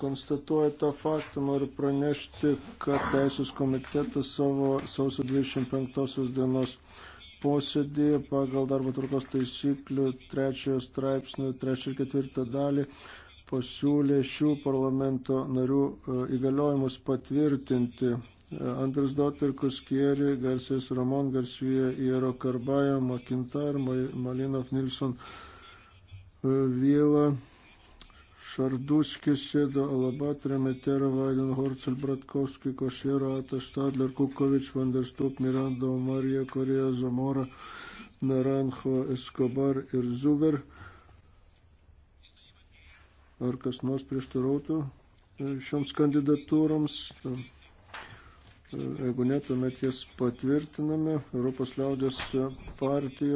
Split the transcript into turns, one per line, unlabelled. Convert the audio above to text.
konstatuoja tą faktą, noriu pranešti, kad Teisės komitetas savo sausio 25 dienos posėdėje pagal darbo tvarkos taisyklių 3 straipsnių 3 ir 4 dalį pasiūlė šių parlamento narių e, įgaliojimus patvirtinti. E, Andris Dotirkus Kieri, Garsės Ramon Garsvija, Iero Karbaja, Makintar, Malinov Nilsson e, Vyla. Šarduskis, Sėdo, Alabat, Remetera, Vaiden, Horcel, Bratkovski, Košero, Atas, Stadler, Kukovič, Vanderstup, Miranda, Marija, Korėja, Zamora, Naranjo, Escobar ir Zuber. Ar kas nors prieštarautų e, šioms kandidatūroms? E, e, jeigu ne, tuomet jas patvirtiname. Europos liaudės partija.